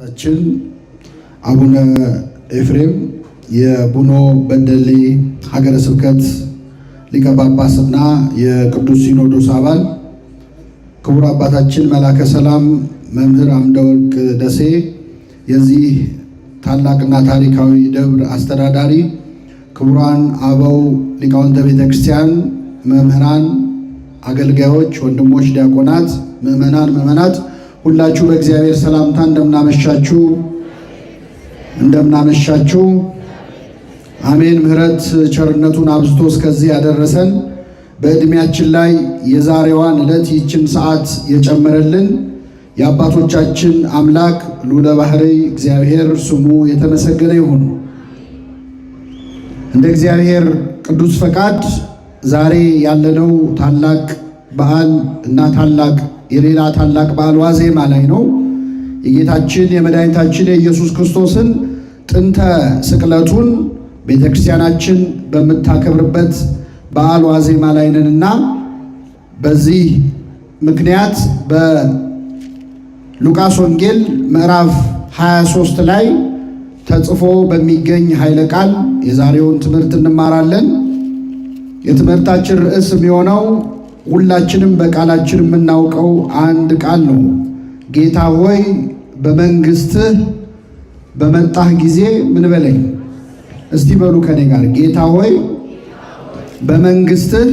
ታችን አቡነ ኤፍሬም የቡኖ በደሌ ሀገረ ስብከት ሊቀ ጳጳስና የቅዱስ ሲኖዶስ አባል ክቡር አባታችን መላከ ሰላም መምህር አምደወርቅ ደሴ የዚህ ታላቅና ታሪካዊ ደብር አስተዳዳሪ፣ ክቡራን አበው ሊቃውንተ ቤተ ክርስቲያን፣ መምህራን፣ አገልጋዮች፣ ወንድሞች፣ ዲያቆናት፣ ምእመናን ምእመናት ሁላችሁ በእግዚአብሔር ሰላምታ እንደምናመሻችሁ እንደምናመሻችሁ። አሜን። ምሕረት ቸርነቱን አብዝቶ እስከዚህ ያደረሰን በእድሜያችን ላይ የዛሬዋን ዕለት ይችን ሰዓት የጨመረልን የአባቶቻችን አምላክ ሉለ ባህሪ እግዚአብሔር ስሙ የተመሰገነ ይሁን። እንደ እግዚአብሔር ቅዱስ ፈቃድ ዛሬ ያለነው ታላቅ በዓል እና ታላቅ የሌላ ታላቅ በዓል ዋዜማ ላይ ነው። የጌታችን የመድኃኒታችን የኢየሱስ ክርስቶስን ጥንተ ስቅለቱን ቤተ ክርስቲያናችን በምታከብርበት በዓል ዋዜማ ላይ ነንና በዚህ ምክንያት በሉቃስ ወንጌል ምዕራፍ 23 ላይ ተጽፎ በሚገኝ ኃይለ ቃል የዛሬውን ትምህርት እንማራለን። የትምህርታችን ርዕስ የሚሆነው ሁላችንም በቃላችን የምናውቀው አንድ ቃል ነው። ጌታ ሆይ በመንግስትህ በመጣህ ጊዜ ምን በለኝ እስቲ በሉ ከኔ ጋር ጌታ ሆይ በመንግስትህ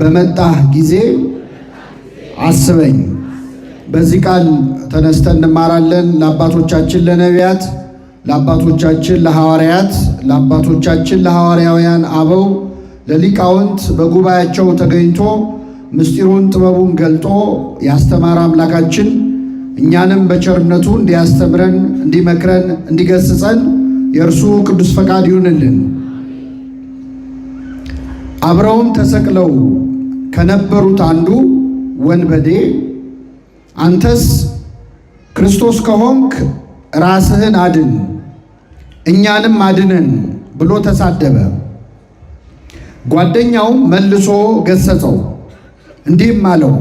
በመጣህ ጊዜ አስበኝ። በዚህ ቃል ተነስተን እንማራለን። ለአባቶቻችን ለነቢያት፣ ለአባቶቻችን ለሐዋርያት፣ ለአባቶቻችን ለሐዋርያውያን አበው ለሊቃውንት በጉባኤያቸው ተገኝቶ ምስጢሩን ጥበቡን ገልጦ ያስተማረ አምላካችን እኛንም በቸርነቱ እንዲያስተምረን፣ እንዲመክረን፣ እንዲገስጸን የእርሱ ቅዱስ ፈቃድ ይሁንልን። አብረውም ተሰቅለው ከነበሩት አንዱ ወንበዴ አንተስ ክርስቶስ ከሆንክ ራስህን አድን እኛንም አድነን ብሎ ተሳደበ። ጓደኛውም መልሶ ገሰጸው እንዲህም አለው፣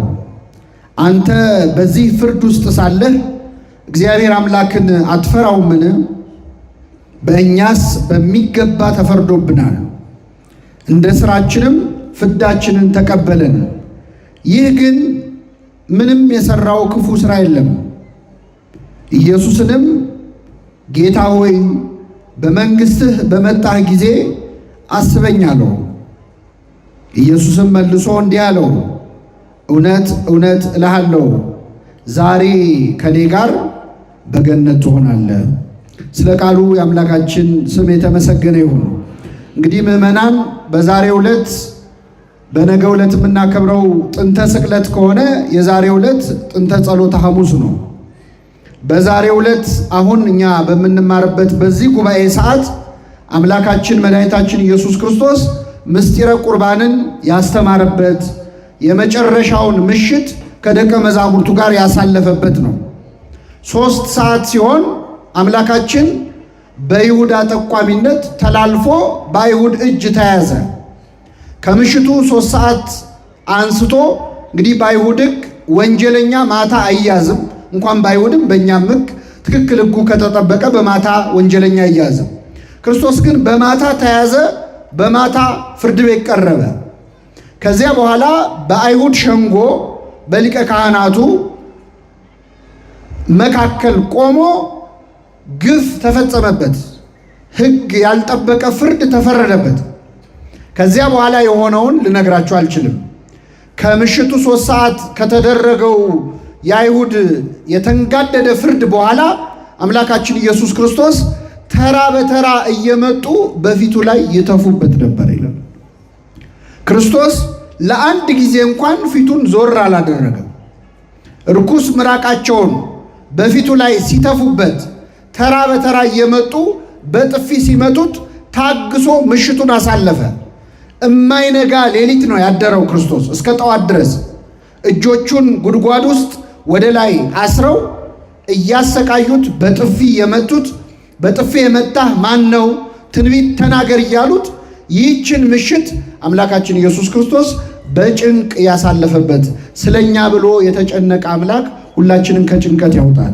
አንተ በዚህ ፍርድ ውስጥ ሳለህ እግዚአብሔር አምላክን አትፈራውምን? በእኛስ በሚገባ ተፈርዶብናል፣ እንደ ሥራችንም ፍዳችንን ተቀበለን። ይህ ግን ምንም የሠራው ክፉ ሥራ የለም። ኢየሱስንም ጌታ ሆይ በመንግሥትህ በመጣህ ጊዜ አስበኛለሁ ኢየሱስም መልሶ እንዲህ አለው፣ እውነት እውነት እልሃለሁ ዛሬ ከኔ ጋር በገነት ትሆናለህ። ስለ ቃሉ የአምላካችን ስም የተመሰገነ ይሁን። እንግዲህ ምዕመናን በዛሬ ዕለት በነገ ዕለት የምናከብረው ጥንተ ስቅለት ከሆነ የዛሬ ዕለት ጥንተ ጸሎተ ሐሙስ ነው። በዛሬ ዕለት አሁን እኛ በምንማርበት በዚህ ጉባኤ ሰዓት አምላካችን መድኃኒታችን ኢየሱስ ክርስቶስ ምስጢረ ቁርባንን ያስተማረበት የመጨረሻውን ምሽት ከደቀ መዛሙርቱ ጋር ያሳለፈበት ነው። ሶስት ሰዓት ሲሆን አምላካችን በይሁዳ ጠቋሚነት ተላልፎ በአይሁድ እጅ ተያዘ። ከምሽቱ ሶስት ሰዓት አንስቶ እንግዲህ በአይሁድ ሕግ ወንጀለኛ ማታ አይያዝም። እንኳን በአይሁድም በእኛም ሕግ ትክክል ሕጉ ከተጠበቀ በማታ ወንጀለኛ አይያዝም። ክርስቶስ ግን በማታ ተያዘ። በማታ ፍርድ ቤት ቀረበ። ከዚያ በኋላ በአይሁድ ሸንጎ በሊቀ ካህናቱ መካከል ቆሞ ግፍ ተፈጸመበት። ሕግ ያልጠበቀ ፍርድ ተፈረደበት። ከዚያ በኋላ የሆነውን ልነግራችሁ አልችልም። ከምሽቱ ሶስት ሰዓት ከተደረገው የአይሁድ የተንጋደደ ፍርድ በኋላ አምላካችን ኢየሱስ ክርስቶስ ተራ በተራ እየመጡ በፊቱ ላይ ይተፉበት ነበር ይላል። ክርስቶስ ለአንድ ጊዜ እንኳን ፊቱን ዞር አላደረገም። እርኩስ ምራቃቸውን በፊቱ ላይ ሲተፉበት ተራ በተራ እየመጡ በጥፊ ሲመቱት ታግሶ ምሽቱን አሳለፈ። እማይነጋ ሌሊት ነው ያደረው ክርስቶስ እስከ ጠዋት ድረስ እጆቹን ጉድጓድ ውስጥ ወደ ላይ አስረው እያሰቃዩት በጥፊ የመቱት በጥፍ የመታህ ማን ነው? ትንቢት ተናገር እያሉት ይህችን ምሽት አምላካችን ኢየሱስ ክርስቶስ በጭንቅ ያሳለፈበት ስለኛ ብሎ የተጨነቀ አምላክ ሁላችንን ከጭንቀት ያውጣል።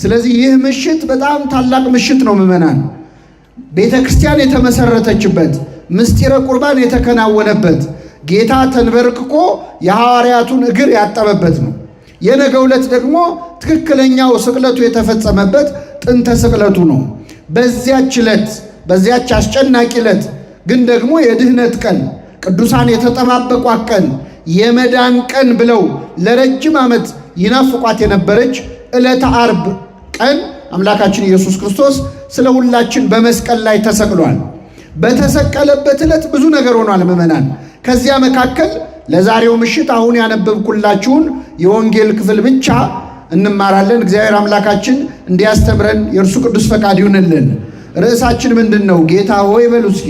ስለዚህ ይህ ምሽት በጣም ታላቅ ምሽት ነው ምዕመናን። ቤተ ክርስቲያን የተመሰረተችበት ምስጢረ ቁርባን የተከናወነበት ጌታ ተንበርክኮ የሐዋርያቱን እግር ያጠበበት ነው። የነገ ዕለት ደግሞ ትክክለኛው ስቅለቱ የተፈጸመበት ጥንተ ስቅለቱ ነው። በዚያች ዕለት በዚያች አስጨናቂ ዕለት ግን ደግሞ የድህነት ቀን ቅዱሳን የተጠባበቋት ቀን የመዳን ቀን ብለው ለረጅም ዓመት ይናፍቋት የነበረች ዕለተ ዓርብ ቀን አምላካችን ኢየሱስ ክርስቶስ ስለ ሁላችን በመስቀል ላይ ተሰቅሏል። በተሰቀለበት ዕለት ብዙ ነገር ሆኗል ምዕመናን። ከዚያ መካከል ለዛሬው ምሽት አሁን ያነበብኩላችሁን የወንጌል ክፍል ብቻ እንማራለን። እግዚአብሔር አምላካችን እንዲያስተምረን የእርሱ ቅዱስ ፈቃድ ይሁንልን። ርዕሳችን ምንድን ነው? ጌታ ሆይ በሉ እስኪ።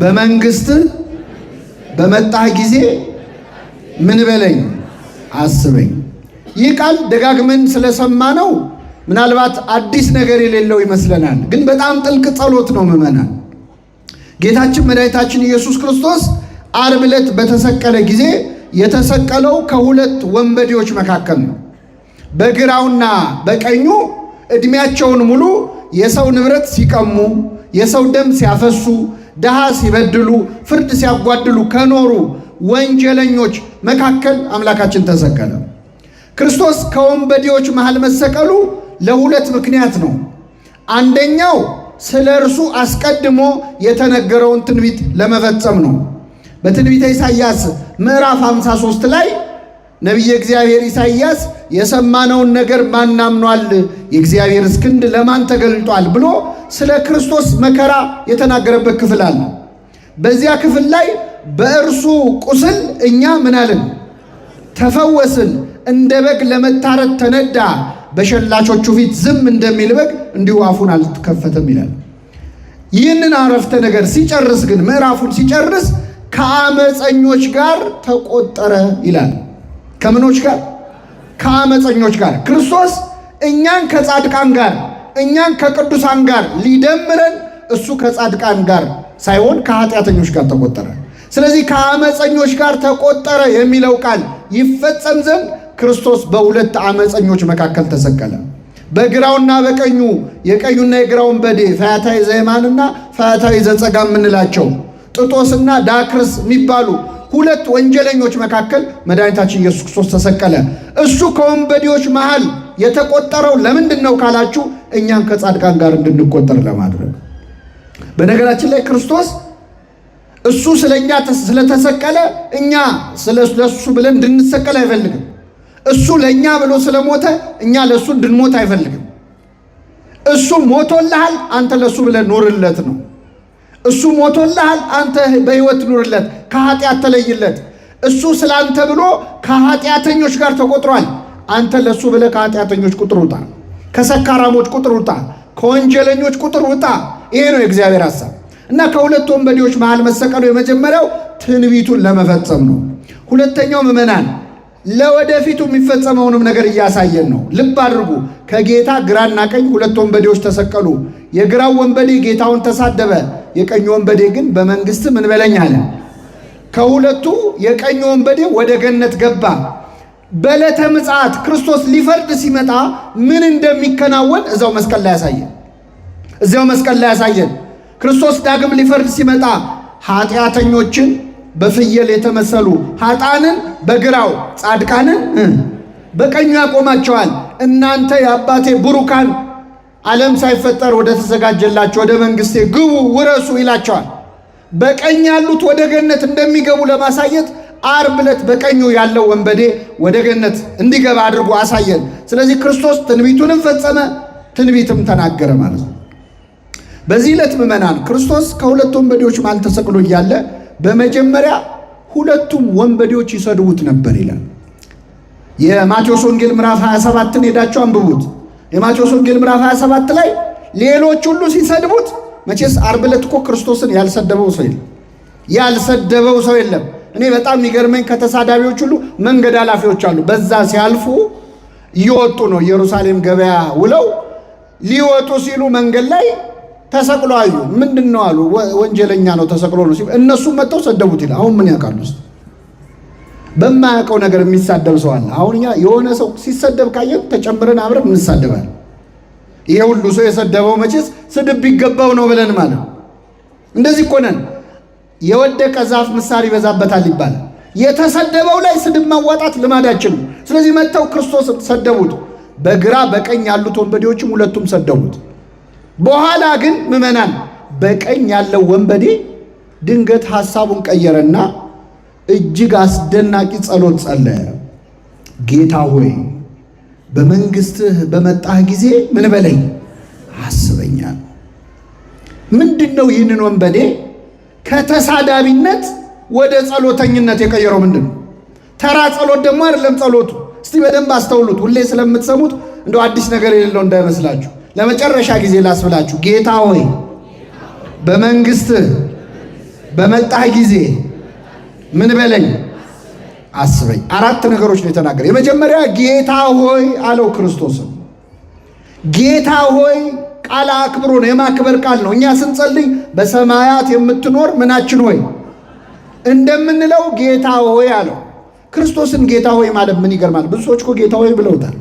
በመንግስት በመጣህ ጊዜ ምን በለኝ አስበኝ። ይህ ቃል ደጋግመን ስለሰማ ነው ምናልባት አዲስ ነገር የሌለው ይመስለናል፣ ግን በጣም ጥልቅ ጸሎት ነው ምዕመናን። ጌታችን መድኃኒታችን ኢየሱስ ክርስቶስ ዓርብ ዕለት በተሰቀለ ጊዜ የተሰቀለው ከሁለት ወንበዴዎች መካከል ነው። በግራውና በቀኙ ዕድሜያቸውን ሙሉ የሰው ንብረት ሲቀሙ፣ የሰው ደም ሲያፈሱ፣ ድሃ ሲበድሉ፣ ፍርድ ሲያጓድሉ ከኖሩ ወንጀለኞች መካከል አምላካችን ተሰቀለ። ክርስቶስ ከወንበዴዎች መሃል መሰቀሉ ለሁለት ምክንያት ነው። አንደኛው ስለ እርሱ አስቀድሞ የተነገረውን ትንቢት ለመፈጸም ነው። በትንቢተ ኢሳይያስ ምዕራፍ 53 ላይ ነቢየ እግዚአብሔር ኢሳይያስ የሰማነውን ነገር ማናምኗል? አምኗል? የእግዚአብሔር ክንድ ለማን ተገልጧል? ብሎ ስለ ክርስቶስ መከራ የተናገረበት ክፍል አለ። በዚያ ክፍል ላይ በእርሱ ቁስል እኛ ምን አልን? ተፈወስን። እንደ በግ ለመታረድ ተነዳ፣ በሸላቾቹ ፊት ዝም እንደሚል በግ እንዲሁ አፉን አልከፈተም ይላል። ይህንን አረፍተ ነገር ሲጨርስ ግን ምዕራፉን ሲጨርስ ከአመፀኞች ጋር ተቆጠረ ይላል። ከምኖች ጋር ከአመፀኞች ጋር ክርስቶስ እኛን ከጻድቃን ጋር እኛን ከቅዱሳን ጋር ሊደምረን እሱ ከጻድቃን ጋር ሳይሆን ከኃጢአተኞች ጋር ተቆጠረ። ስለዚህ ከአመፀኞች ጋር ተቆጠረ የሚለው ቃል ይፈጸም ዘንድ ክርስቶስ በሁለት አመፀኞች መካከል ተሰቀለ። በግራውና በቀኙ የቀኙና የግራውን በዴ ፈያታዊ ዘየማንና ፈያታዊ ዘጸጋ የምንላቸው ጥጦስና ዳክርስ የሚባሉ ሁለት ወንጀለኞች መካከል መድኃኒታችን ኢየሱስ ክርስቶስ ተሰቀለ። እሱ ከወንበዴዎች መሃል የተቆጠረው ለምንድን ነው ካላችሁ እኛን ከጻድቃን ጋር እንድንቆጠር ለማድረግ። በነገራችን ላይ ክርስቶስ እሱ ስለኛ ስለተሰቀለ እኛ ስለሱ ብለን እንድንሰቀል አይፈልግም። እሱ ለእኛ ብሎ ስለሞተ እኛ ለእሱ እንድንሞት አይፈልግም። እሱ ሞቶልሃል፣ አንተ ለእሱ ብለን ኖርለት ነው። እሱ ሞቶልሃል፣ አንተ በሕይወት ኑርለት፣ ከኃጢአት ተለይለት። እሱ ስለ አንተ ብሎ ከኃጢአተኞች ጋር ተቆጥሯል። አንተ ለእሱ ብለ ከኃጢአተኞች ቁጥር ውጣ፣ ከሰካራሞች ቁጥር ውጣ፣ ከወንጀለኞች ቁጥር ውጣ። ይሄ ነው የእግዚአብሔር ሐሳብ እና ከሁለት ወንበዴዎች መሃል መሰቀሉ የመጀመሪያው ትንቢቱን ለመፈጸም ነው። ሁለተኛው ምዕመናን ለወደፊቱ የሚፈጸመውንም ነገር እያሳየን ነው። ልብ አድርጉ። ከጌታ ግራና ቀኝ ሁለት ወንበዴዎች ተሰቀሉ። የግራው ወንበዴ ጌታውን ተሳደበ። የቀኝ ወንበዴ ግን በመንግስት ምን በለኝ አለ። ከሁለቱ የቀኝ ወንበዴ ወደ ገነት ገባ። በዕለተ ምጽአት ክርስቶስ ሊፈርድ ሲመጣ ምን እንደሚከናወን እዛው መስቀል ላይ ያሳየን። እዚያው መስቀል ላይ ያሳየን። ክርስቶስ ዳግም ሊፈርድ ሲመጣ ኃጢአተኞችን በፍየል የተመሰሉ ኃጣንን በግራው ጻድቃንን በቀኙ ያቆማቸዋል። እናንተ የአባቴ ብሩካን ዓለም ሳይፈጠር ወደ ተዘጋጀላቸው ወደ መንግሥቴ ግቡ ውረሱ ይላቸዋል። በቀኝ ያሉት ወደ ገነት እንደሚገቡ ለማሳየት ዓርብ ዕለት በቀኙ ያለው ወንበዴ ወደ ገነት እንዲገባ አድርጎ አሳየን። ስለዚህ ክርስቶስ ትንቢቱንም ፈጸመ፣ ትንቢትም ተናገረ ማለት ነው። በዚህ ዕለት ምዕመናን ክርስቶስ ከሁለት ወንበዴዎች መሃል ተሰቅሎ እያለ በመጀመሪያ ሁለቱም ወንበዴዎች ይሰድቡት ነበር ይላል። የማቴዎስ ወንጌል ምዕራፍ 27ን ሄዳችሁ አንብቡት። የማቴዎስ ወንጌል ምዕራፍ 27 ላይ ሌሎች ሁሉ ሲሰድቡት፣ መቼስ ዓርብ ዕለት እኮ ክርስቶስን ያልሰደበው ሰው የለም፣ ያልሰደበው ሰው የለም። እኔ በጣም የሚገርመኝ ከተሳዳቢዎች ሁሉ መንገድ ኃላፊዎች አሉ። በዛ ሲያልፉ እየወጡ ነው፣ ኢየሩሳሌም ገበያ ውለው ሊወጡ ሲሉ መንገድ ላይ ተሰቅሎ አዩ። ምንድን ነው አሉ፣ ወንጀለኛ ነው ተሰቅሎ ነው ሲሉ እነሱም መጥተው ሰደቡት ይላል። አሁን ምን ያውቃሉ? በማያውቀው ነገር የሚሳደብ ሰው አለ። አሁን እኛ የሆነ ሰው ሲሰደብ ካየን ተጨምረን አብረን እንሳደባለን። ይሄ ሁሉ ሰው የሰደበው መቼስ ስድብ ቢገባው ነው ብለን ማለት እንደዚህ እኮ ነን። የወደቀ ዛፍ ምሳር ይበዛበታል ይባላል። የተሰደበው ላይ ስድብ ማዋጣት ልማዳችን ነው። ስለዚህ መጥተው ክርስቶስ ሰደቡት። በግራ በቀኝ ያሉት ወንበዴዎችም ሁለቱም ሰደቡት። በኋላ ግን ምዕመናን በቀኝ ያለው ወንበዴ ድንገት ሐሳቡን ቀየረና እጅግ አስደናቂ ጸሎት ጸለየ። ጌታ ሆይ በመንግስትህ በመጣህ ጊዜ ምን በለኝ አስበኛል። ምንድን ነው ይህንን ወንበዴ ከተሳዳቢነት ወደ ጸሎተኝነት የቀየረው ምንድን ነው? ተራ ጸሎት ደግሞ አይደለም ጸሎቱ። እስቲ በደንብ አስተውሉት። ሁሌ ስለምትሰሙት እንደው አዲስ ነገር የሌለው እንዳይመስላችሁ። ለመጨረሻ ጊዜ ላስብላችሁ። ጌታ ሆይ በመንግስትህ በመጣህ ጊዜ ምን በለኝ አስበኝ። አራት ነገሮች ነው የተናገረ። የመጀመሪያ ጌታ ሆይ አለው ክርስቶስ ጌታ ሆይ ቃል አክብሮ ነው፣ የማክበር ቃል ነው። እኛ ስንጸልይ በሰማያት የምትኖር ምናችን ሆይ እንደምንለው ጌታ ሆይ አለው ክርስቶስን። ጌታ ሆይ ማለት ምን ይገርማል። ብዙ ሰዎች እኮ ጌታ ሆይ ብለውታል።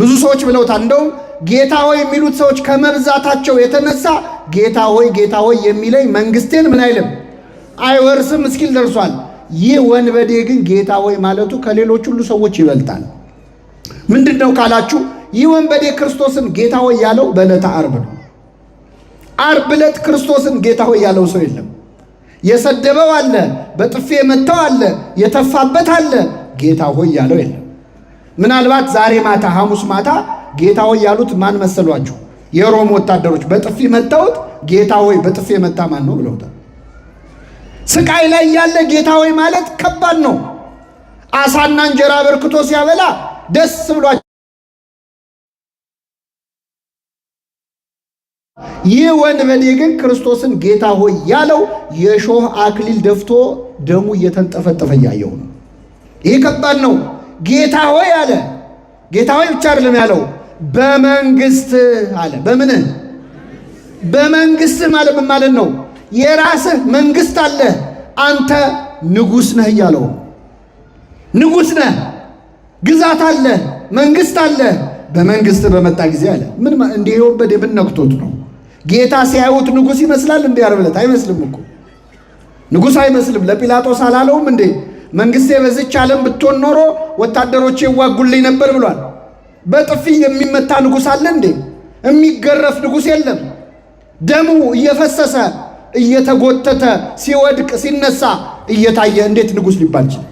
ብዙ ሰዎች ብለውታል። እንደውም ጌታ ሆይ የሚሉት ሰዎች ከመብዛታቸው የተነሳ ጌታ ሆይ ጌታ ሆይ የሚለኝ መንግስቴን ምን አይልም አይወርስም እስኪል ደርሷል። ይህ ወንበዴ ግን ጌታ ሆይ ማለቱ ከሌሎች ሁሉ ሰዎች ይበልጣል። ምንድን ነው ካላችሁ፣ ይህ ወንበዴ ክርስቶስን ጌታ ሆይ ያለው በዕለተ ዓርብ ነው። ዓርብ ዕለት ክርስቶስን ጌታ ሆይ ያለው ሰው የለም። የሰደበው አለ፣ በጥፌ የመታው አለ፣ የተፋበት አለ፣ ጌታ ሆይ ያለው የለም። ምናልባት ዛሬ ማታ ሐሙስ ማታ ጌታ ሆይ ያሉት ማን መሰሏችሁ? የሮም ወታደሮች በጥፊ መታውት ጌታ ሆይ በጥፌ መታ ማን ነው ብለውታል። ስቃይ ላይ ያለ ጌታ ወይ ማለት ከባድ ነው። አሳና እንጀራ በርክቶ ሲያበላ ደስ ብሏቸው ይህ ወንበዴ ግን ክርስቶስን ጌታ ሆይ ያለው የሾህ አክሊል ደፍቶ ደሙ እየተንጠፈጠፈ እያየው ነው። ይህ ከባድ ነው። ጌታ ሆይ አለ። ጌታ ሆይ ብቻ አይደለም ያለው በመንግስት አለ። በምን በመንግስት ማለት ምን ማለት ነው? የራስህ መንግስት አለ፣ አንተ ንጉስ ነህ እያለው። ንጉስ ነህ፣ ግዛት አለ፣ መንግስት አለ። በመንግስት በመጣ ጊዜ አለ ምን እንዲህ ወንበዴ ምን ነክቶት ነው? ጌታ ሲያዩት ንጉስ ይመስላል እንዴ? አርብለት አይመስልም እኮ ንጉስ አይመስልም። ለጲላጦስ አላለውም እንዴ መንግስቴ በዚች ዓለም ብትሆን ኖሮ ወታደሮቼ ይዋጉልኝ ነበር ብሏል። በጥፊ የሚመታ ንጉስ አለ እንዴ? የሚገረፍ ንጉስ የለም። ደሙ እየፈሰሰ እየተጎተተ ሲወድቅ ሲነሳ እየታየ እንዴት ንጉሥ ሊባል ይችላል?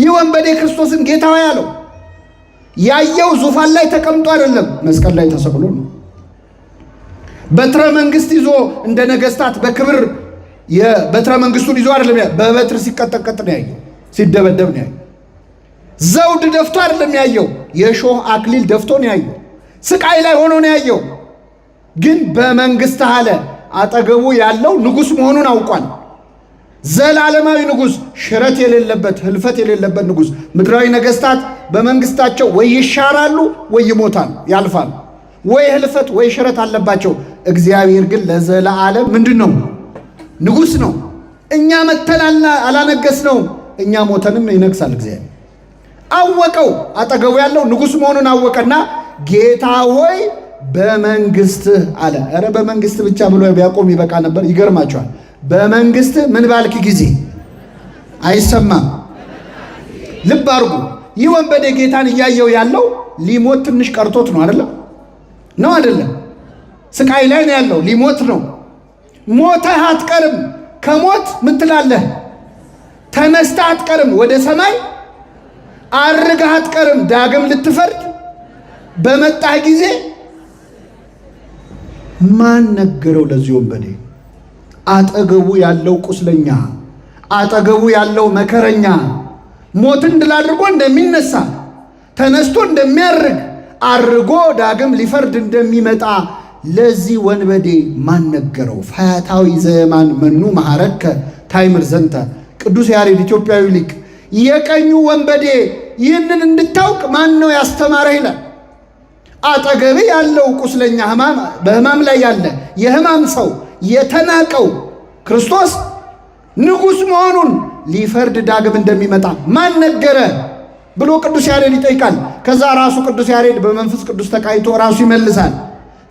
ይህ ወንበዴ ክርስቶስን ጌታ ያለው ያየው ዙፋን ላይ ተቀምጦ አይደለም፣ መስቀል ላይ ተሰቅሎ ነው። በትረ መንግስት ይዞ እንደ ነገስታት በክብር የበትረ መንግስቱን ይዞ አይደለም። በበትር ሲቀጠቀጥ ነው ያየው፣ ሲደበደብ ነው ያየው። ዘውድ ደፍቶ አይደለም ያየው፣ የእሾህ አክሊል ደፍቶ ነው ያየው። ስቃይ ላይ ሆኖ ነው ያየው። ግን በመንግስት አለ አጠገቡ ያለው ንጉሥ መሆኑን አውቋል። ዘላለማዊ ንጉሥ፣ ሽረት የሌለበት ህልፈት የሌለበት ንጉሥ። ምድራዊ ነገሥታት በመንግስታቸው ወይ ይሻራሉ ወይ ይሞታል፣ ያልፋል፣ ወይ ህልፈት ወይ ሽረት አለባቸው። እግዚአብሔር ግን ለዘላለም ምንድን ነው? ንጉሥ ነው። እኛ መተን አላነገስ ነው። እኛ ሞተንም ይነግሳል እግዚአብሔር። አወቀው፣ አጠገቡ ያለው ንጉሥ መሆኑን አወቀና ጌታ ሆይ በመንግስትህ አለ። ኧረ በመንግስት ብቻ ብሎ ቢያቆም ይበቃ ነበር። ይገርማቸዋል። በመንግስት ምን ባልክ ጊዜ አይሰማም። ልብ አድርጉ። ይህ ወንበዴ ጌታን እያየው ያለው ሊሞት ትንሽ ቀርቶት ነው። አይደለም ነው አይደለም፣ ስቃይ ላይ ነው ያለው። ሊሞት ነው። ሞተህ አትቀርም። ከሞት ምትላለህ ተነስተህ አትቀርም። ወደ ሰማይ አርገህ አትቀርም። ዳግም ልትፈርድ በመጣህ ጊዜ ማን ነገረው? ለዚህ ወንበዴ አጠገቡ ያለው ቁስለኛ፣ አጠገቡ ያለው መከረኛ ሞትን ድል አድርጎ እንደሚነሳ ተነስቶ እንደሚያርግ አርጎ ዳግም ሊፈርድ እንደሚመጣ ለዚህ ወንበዴ ማን ነገረው? ፈያታዊ ዘየማን መኑ መሐረከ ታይምር ዘንተ ቅዱስ ያሬድ ኢትዮጵያዊ ሊቅ የቀኙ ወንበዴ ይህንን እንድታውቅ ማን ነው ያስተማረ ይላል። አጠገብ ያለው ቁስለኛ ህማም በህማም ላይ ያለ የህማም ሰው የተናቀው ክርስቶስ ንጉሥ መሆኑን ሊፈርድ ዳግም እንደሚመጣ ማን ነገረ ብሎ ቅዱስ ያሬድ ይጠይቃል። ከዛ ራሱ ቅዱስ ያሬድ በመንፈስ ቅዱስ ተቃይቶ ራሱ ይመልሳል።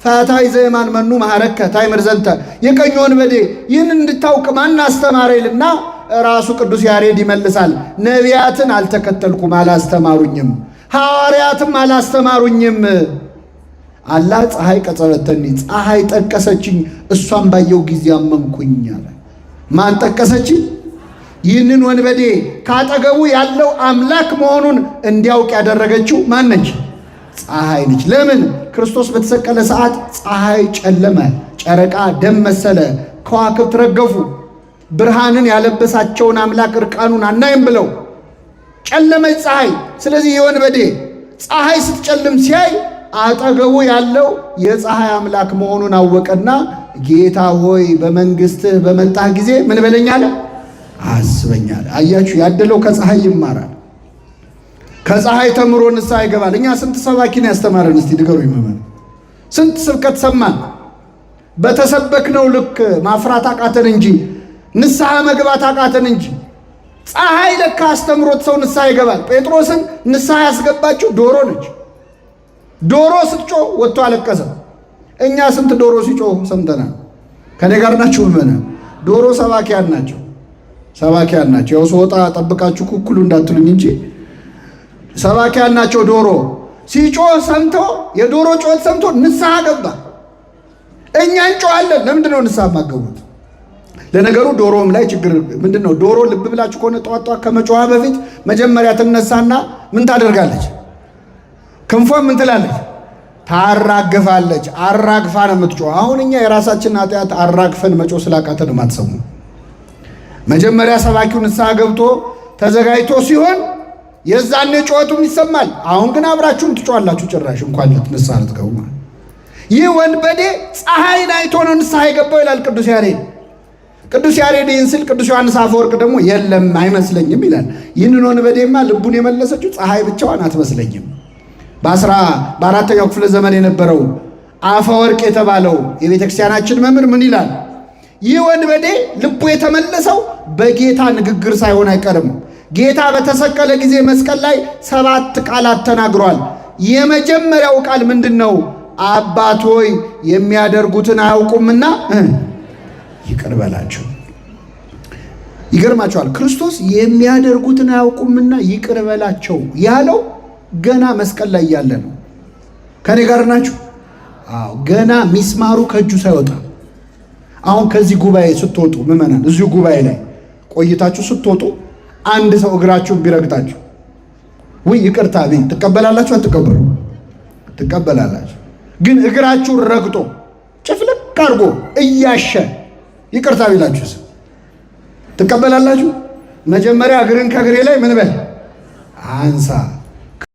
ፈታይ ዘየማን መኑ ማሐረከ ታይምር ዘንተ የቀኝ ወንበዴ ይህን እንድታውቅ ማን አስተማረ ይልና ራሱ ቅዱስ ያሬድ ይመልሳል። ነቢያትን አልተከተልኩም አላስተማሩኝም፣ ሐዋርያትም አላስተማሩኝም አላህ ፀሐይ ቀጸረተኒ ፀሐይ ጠቀሰችኝ፣ እሷን ባየው ጊዜ አመንኩኝ አለ። ማን ጠቀሰችኝ? ይህንን ወንበዴ ካጠገቡ ያለው አምላክ መሆኑን እንዲያውቅ ያደረገችው ማን ነች? ፀሐይ ነች። ለምን? ክርስቶስ በተሰቀለ ሰዓት ፀሐይ ጨለመ፣ ጨረቃ ደም መሰለ፣ ከዋክብት ረገፉ። ብርሃንን ያለበሳቸውን አምላክ እርቃኑን አናይም ብለው ጨለመች ፀሐይ። ስለዚህ የወንበዴ ፀሐይ ስትጨልም ሲያይ አጠገቡ ያለው የፀሐይ አምላክ መሆኑን አወቀና ጌታ ሆይ በመንግስትህ በመጣህ ጊዜ ምን በለኛለ አስበኛል አያችሁ ያደለው ከፀሐይ ይማራል። ከፀሐይ ተምሮ ንስሐ ይገባል። እኛ ስንት ሰባኪን ያስተማረን እስቲ ንገሩኝ ይመመን ስንት ስብከት ሰማን። በተሰበክነው ልክ ማፍራት አቃተን እንጂ ንስሐ መግባት አቃተን እንጂ ፀሐይ ለካ አስተምሮት ሰው ንስሐ ይገባል። ጴጥሮስን ንስሐ ያስገባችው ዶሮ ነች። ዶሮ ስትጮህ ወጥቶ አለቀሰ። እኛ ስንት ዶሮ ሲጮህ ሰምተናል። ከኔ ጋር ናችሁ? ምን ዶሮ ሰባኪያን ናቸው፣ ሰባኪያን ናቸው። ያው ስወጣ ጠብቃችሁ ኩኩሉ እንዳትሉኝ እንጂ ሰባኪያን ናቸው። ዶሮ ሲጮህ ሰምቶ የዶሮ ጮት ሰምቶ ንስሐ ገባ። እኛ እንጮሃለን። ለምንድን ነው ንስሐ ማገቡት? ለነገሩ ዶሮም ላይ ችግር ምንድን ነው? ዶሮ ልብ ብላችሁ ከሆነ ጠዋት ጠዋት በፊት መጀመሪያ ትነሳና ምን ታደርጋለች? ክንፏ ምን ትላለች? ታራግፋለች። አራግፋ ነው የምትጮ። አሁን እኛ የራሳችን ኃጢአት አራግፈን መጮ ስላቃተን ማትሰሙ። መጀመሪያ ሰባኪው ንስሐ ገብቶ ተዘጋጅቶ ሲሆን የዛን ጩኸቱም ይሰማል። አሁን ግን አብራችሁን ትጮኻላችሁ። ጭራሽ እንኳን ንስሐ ልትገቡ ይህ ወንበዴ ፀሐይን አይቶ ነው ንስሐ የገባው ይላል ቅዱስ ያሬድ። ቅዱስ ያሬድ ይህን ስል ቅዱስ ዮሐንስ አፈወርቅ ደግሞ የለም አይመስለኝም ይላል። ይህንን ወንበዴማ ልቡን የመለሰችው ፀሐይ ብቻዋን አትመስለኝም በአስራ በአራተኛው ክፍለ ዘመን የነበረው አፈወርቅ የተባለው የቤተ ክርስቲያናችን መምህር ምን ይላል? ይህ ወንበዴ ልቡ የተመለሰው በጌታ ንግግር ሳይሆን አይቀርም። ጌታ በተሰቀለ ጊዜ መስቀል ላይ ሰባት ቃላት ተናግሯል። የመጀመሪያው ቃል ምንድን ነው? አባት ሆይ የሚያደርጉትን አያውቁምና ይቅር በላቸው። ይገርማቸዋል። ክርስቶስ የሚያደርጉትን አያውቁምና ይቅር በላቸው ያለው ገና መስቀል ላይ ያለ ነው። ከኔ ጋር ናችሁ? አዎ፣ ገና ሚስማሩ ከእጁ ሳይወጣ አሁን ከዚህ ጉባኤ ስትወጡ ምዕመናን፣ እዚሁ ጉባኤ ላይ ቆይታችሁ ስትወጡ አንድ ሰው እግራችሁን ቢረግጣችሁ ወይ ይቅርታ ቢል ትቀበላላችሁ? አትቀበሉ? ትቀበላላችሁ። ግን እግራችሁን ረግጦ ጭፍልቅ አድርጎ እያሸ ይቅርታ ቢላችሁስ ትቀበላላችሁ? መጀመሪያ እግርን ከእግሬ ላይ ምን በል አንሳ